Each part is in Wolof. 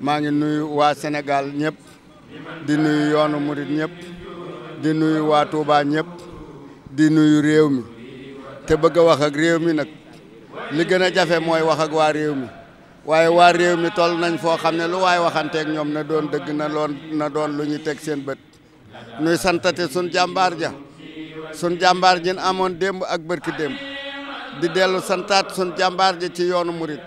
maa ngi nuyu waa Sénégal ñëpp di nuyu yoonu murit ñépp di nuyu waa Touba ñëpp di nuyu réew mi te bëgg a wax réew mi nag li gën a jafe mooy wax ak waa réew mi waaye waa réew mi toll nañ foo xam ne lu waaye waxanteek ñoom na doon dëgg na doon lu ñu teg seen bët nuy santati sun jàmbaar ja sun jàmbaar jin amoon démb ak bërki démb di dellu santaat sun jàmbaar ja ci yoonu murit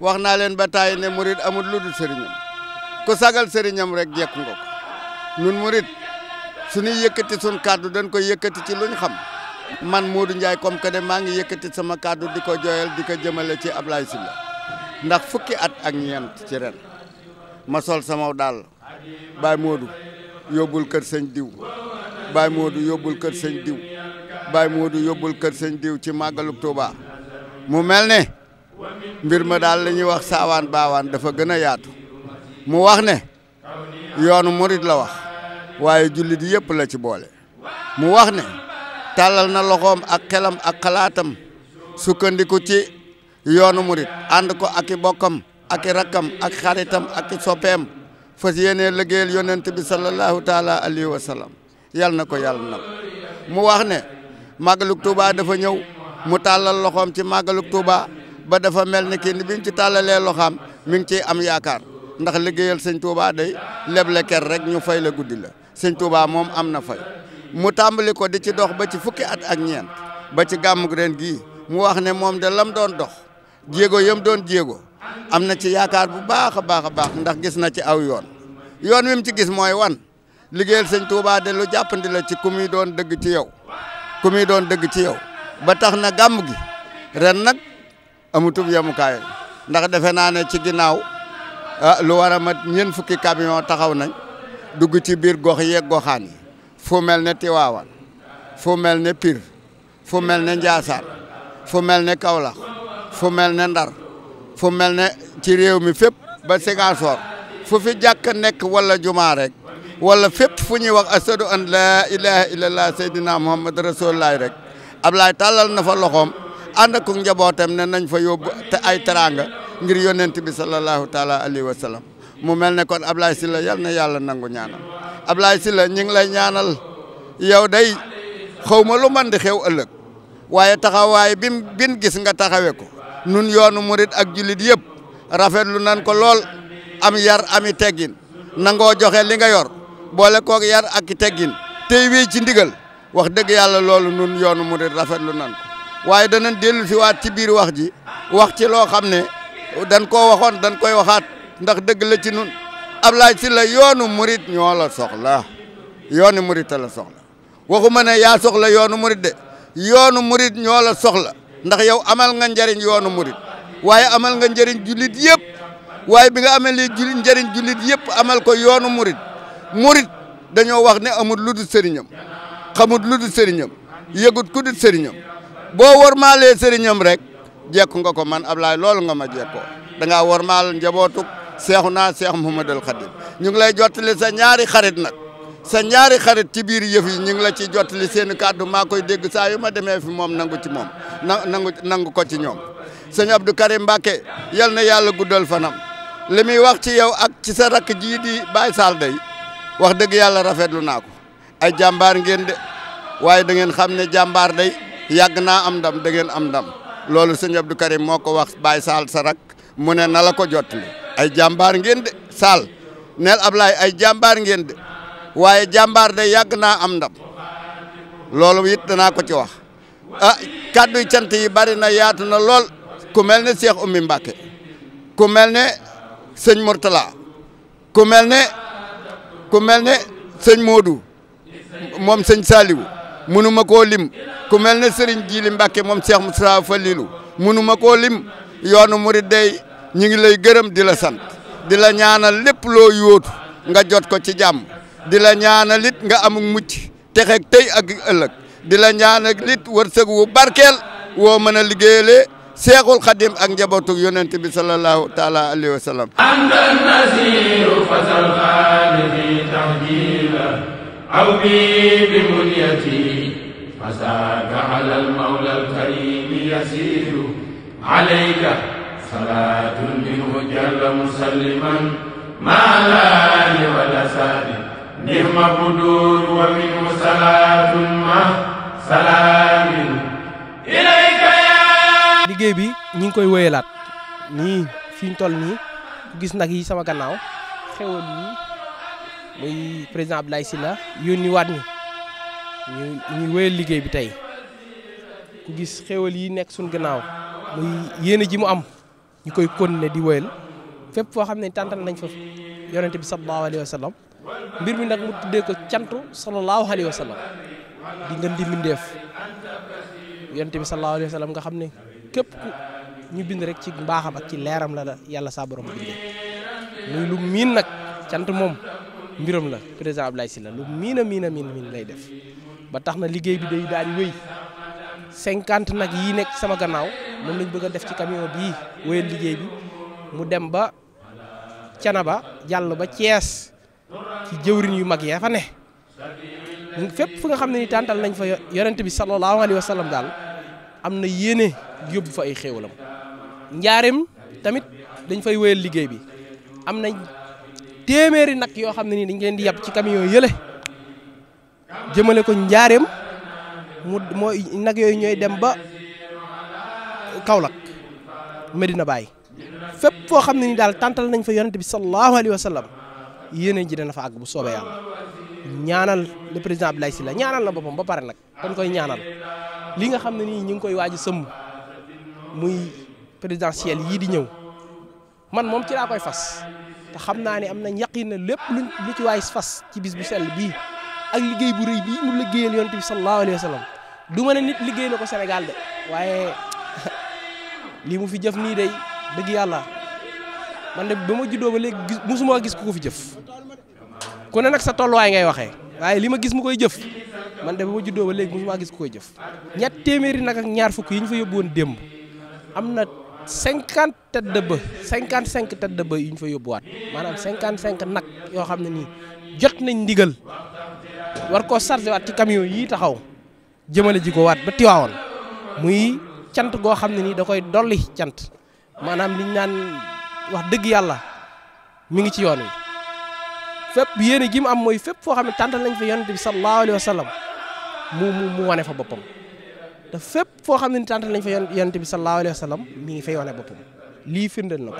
wax naa leen ba taay ne murit amul lu du sëriñam ku sagal sëriñam rek jekku nga ko nun murit suñuy yëkkati sun kàddu dañ ko yëkkati ci luñ xam man Modou njaay comme que de maa ngi yëkkati sama kàddu di ko jooyal di ko jëmale ci Ablaye Sylla ndax fukki at ak ñeent ci ren ma sol sama daal Baye Modou yóbbul kër sëñ diw Baye Modou yóbbul kër sëñ diw Baye Modou yóbbul kër sëñ diw ci màggalu Touba mu mel ne mbir ma daal la ñuy wax saawaan baawaan dafa gën a yaatu mu wax ne yoonu murit la wax waaye jullit yëpp la ci boole mu wax ne tàllal na loxoom ak xelam ak xalaatam sukkandiku ci yoonu murit ànd ko ak i bokkam ak i rakkam ak xaritam ak i soppeem fas yeneen liggéeyal yonent bi sallallahu taala alayhi wa yal na ko yàlla na mu wax ne màggalug Tuuba dafa ñëw mu tàllal loxoom ci màggalug Tuuba ba dafa mel ni kii ni bi ci tàllalee loxaam mi ngi ciy am yaakaar ndax liggéeyal sëñ Touba day leble ker rek ñu fay la guddi la sëñ Touba moom am na fay mu tàmbali ko di ci dox ba ci fukki at ak ñeent ba ci gàmmug ren gii mu wax ne moom de lam doon dox jéego yam doon jéego am na ci yaakaar bu baax a baax a baax ndax gis na ci aw yoon yoon wi mu ci gis mooy wan liggéeyal sëñ Touba de lu jàppandi la ci ku muy doon dëgg ci yow ku muy doon dëgg ci yow ba tax na gàmm gi ren nag. amutub yemukaay ndax defe naa ne ci ginnaaw ah, lu war a mat ñeent fukki camion taxaw nañ dugg ci biir gox yeeg goxaan yi fu mel ne Tiwaawan fu mel ne piir fu mel ne Njaasaan fu mel ne Kaolack fu mel ne Ndar fu mel ne ci réew mi fépp ba Ziguinchor fu fi jàkka nekk wala jumaa rek wala fépp fu ñuy wax ashadu an laa ilaha illallah seydina muhammad rasulullah rek Ablaay tàllal na loxoom ànd ak njabootam ne nañ fa yóbbu te ay teraanga ngir yonent bi sallallahu taala alayhi wa sallam mu mel ne kon Ablaye Sylla yal na yàlla nangu ñaanal Ablaye Sylla ñu ngi lay ñaanal yow day xaw lu man di xew ëllëg waaye taxawaay bi bin gis nga taxawe ko nun yoonu murit ak jullit yëpp rafetlu nan ko lool am yar am teggin nangoo joxe li nga yor boole kook yar ak teggin tey wii ci ndigal wax dëgg yàlla loolu nun yoonu murit rafetlu nan waaye dana dellu si waat ci biir wax ji wax ci loo xam ne dañ ko waxoon dañ koy waxaat ndax dëgg la ci nun si la yoonu murit ñoo la soxla yoonu murit la soxla waxuma ne yaa soxla yoonu murit de yoonu murit ñoo la soxla ndax yow amal nga njariñ yoonu murit waaye amal nga njëriñ jullit yëpp waaye bi nga amalee jullit njëriñ jullit yëpp amal ko yoonu murit murit dañoo wax ne amul lu dul sëriñam xamut lu dul sëriñam yëgut ku sëriñam boo wormaalee sëriñam rek jekku nga ko man Ablaye loolu nga ma jekkoo da ngaa wormaal njabootug seexu naa seex Muhammadul Xadim ñu ngi lay jottali sa ñaari xarit nag sa ñaari xarit ci biir yëf yi ñu ngi la ci jottali seen kàddu maa koy dégg saa yu ma demee fi moom nangu ci moom na nangu nangu ko ci ñoom sëñ Abdou Karim Mbacke yal na yàlla guddal fanam li muy wax ci yow ak ci sa rakk jii di Baye Sall day wax dëgg yàlla rafetlu naa ko ay jàmbaar ngeen de waaye da ngeen xam ne jàmbaar day yàgg naa am ndam da am ndam loolu sëñ Abdou Karim moo ko wax baay Sall sa rak mu ne na la ko jottali ay jàmbaar ngeen de Sall neel Ablaye ay jàmbaar ngeen de waaye jàmbaar de yàgg naa am ndam loolu it danaa ko ci wax ah kàddu cant yi bari na yaatu na lool ku mel ne Cheikh Oumy Mbacké ku mel ne sëñ Mourtala ku mel ne ku mel ne sëñ moodu moom sëñ Saliou mënuma ko lim ku mel ne Serigne Djili Mbacke moom Cheikh Moustapha Falilou mënuma ko lim yoonu murid day ñu ngi lay gërëm di la sant di la ñaanal lépp loo yóotu nga jot ko ci jàmm di la ñaanal it nga amuk mucc texeeg tey ak ëllëg di la ñaanal it wërsëg wu barkeel woo mën a liggéeyalee seexul xadim ak njabootu yonent bi sallallahu taala alayhi wa sallam أو بي بمنيتي فساك على المولى الكريم يسير عليك صلاة منه جل مسلما ما لان ولسان نعم بدور ومنه صلاة ما سلام إليك يا liggéey bi ñi ngi koy wéyalaat nii fi ñu toll nii gis nag yi sama gannaaw xewal yi muy président Abdoulaye Sylla yónni waat ñu ñu ñu wéyal liggéey bi tey ku gis xéwal yi nekk suñ gannaaw muy yéene ji mu am ñu koy continuer di wéyal fépp foo xam ne tàntal nañ fa yonente bi sallallahu alayhi wa sallam mbir mi nag mu tuddee ko cantu sallallahu di ngeen di mbindeef yonente bi sallallahu alayhi wa sallam nga xam ne képp ku ñu bind rek ci mbaaxam ak ci leeram la la yàlla saa borom bindee muy lu miin nag cant moom mbiram la président Abdoulaye Sylla lu miin a miin a miin miin lay def ba tax na liggéey bi day daan di wéy cinquante nag yi nekk sama gannaaw moom lañ bëgg a def ci camion bii wéyal liggéey bi mu dem ba ba jàll ba Thiès ci jëwrin yu mag yaa fa ne fépp fu nga xam ne ni tàntal nañ fa yonent bi sallallahu alayhi wa sallam daal am na yéene yóbbu fa ay xéewalam njaarim tamit dañ fay wéyal liggéey bi am na téeméeri nag yoo xam ne nii dañ leen di yab ci camion yële jëmale ko njaareem mu mooy nag yooyu ñooy dem ba Kaolack Medina baay fépp foo xam ne ni daal tantal nañ fa yonente bi sallallahu alayhi wa sallam yéeneen ji dana fa ak bu soobee yàlla ñaanal le président Abdoulaye Sylla ñaanal la boppam ba pare nag dañ koy ñaanal li nga xam ne nii ñu ngi koy waaj a sëmb muy présidentiel yii di ñëw man moom ci laa koy fas te xam naa ne am na yaqin na lépp luñ lu ci waay fas ci bis bu sell bii ak liggéey bu rëy bii mu liggéeyal yonent bi sallallahu alayhi wa du ma ne nit liggéey na ko senegal de waaye lii mu fi jëf nii day dëgg yàlla man de ba ma juddoo ba léegi gis mosuma gis ku ko fi jëf ku ne nag sa tolluwaay ngay waxee waaye li ma gis mu koy jëf man de ba ma juddoo ba léegi mosuma gis ku koy jëf ñett téeméeri nag ak ñaar fukk yi ñu fa yóbbu woon démb cinquante tête de bœuf cinquante cinq tête de bœuf yu ñu fa yóbbuwaat maanaam cinquante cinq nag yoo xam ne nii jot nañ ndigal war koo chargé waat ci camion yii taxaw jëmale ji ko waat ba Tiwaawoon muy cant goo xam ne nii da koy dolli cant maanaam liñ naan wax dëgg yàlla mu ngi ci yoon wi fépp yéene gi mu am mooy fépp foo xam ne tàntal nañ fa yonent bi sallallahu alayhi wa mu mu mu wane fa boppam te fépp foo xam ne ni tàntal nañ fa yonent bi sallallahu alayhi wa sallam mi ngi fay wane boppam lii firndeel na ko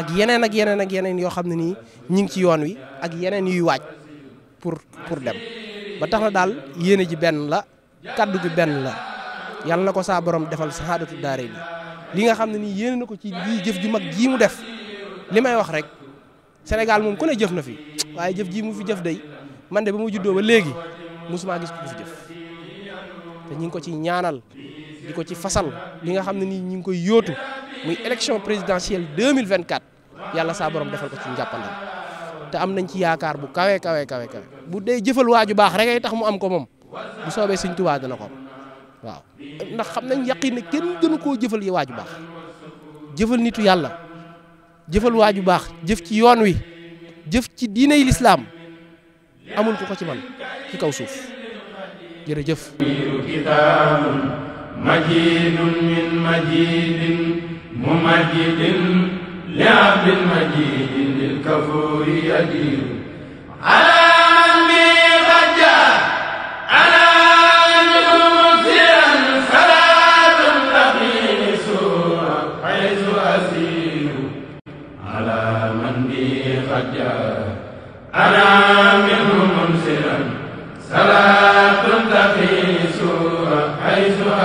ak yeneen ak yeneen ak yeneen yoo xam ne nii ñu ngi ci yoon wi ak yeneen yuy waaj pour pour dem ba tax na daal yéene ji benn la kaddu gi benn la yàlla na ko saa boroom defal sahaadatu daare bi li nga xam ne nii yéene na ko ci jëf ju mag jii mu def li may wax rek Sénégal moom ku ne jëf na fi waaye jëf jii mu fi jëf day man de ba mu juddoo ba léegi mosumaa gis te ñu ngi ko ci ñaanal di ko ci fasal li nga xam ne nii ñu ngi koy yóotu muy élection présidentielle 2024 yàlla saa borom defal ko ci njàppandal te am nañ ci yaakaar bu kawe kawe kawe bu dee jëfal waa ju baax rek tax mu am ko moom bu soobee Sëñ Tuubaa dana ko waaw ndax xam nañ yaqin ne kenn gënu koo jëfal yi waa ju baax jëfal nitu yàlla jëfal ju baax jëf ci yoon wi jëf ci diiney lislaam amul ku ko ci man ci kaw suuf jërëjëf kitaabun majiidun min majiidin mumaddidin li abdin majiidin lil kafuuri yadiiru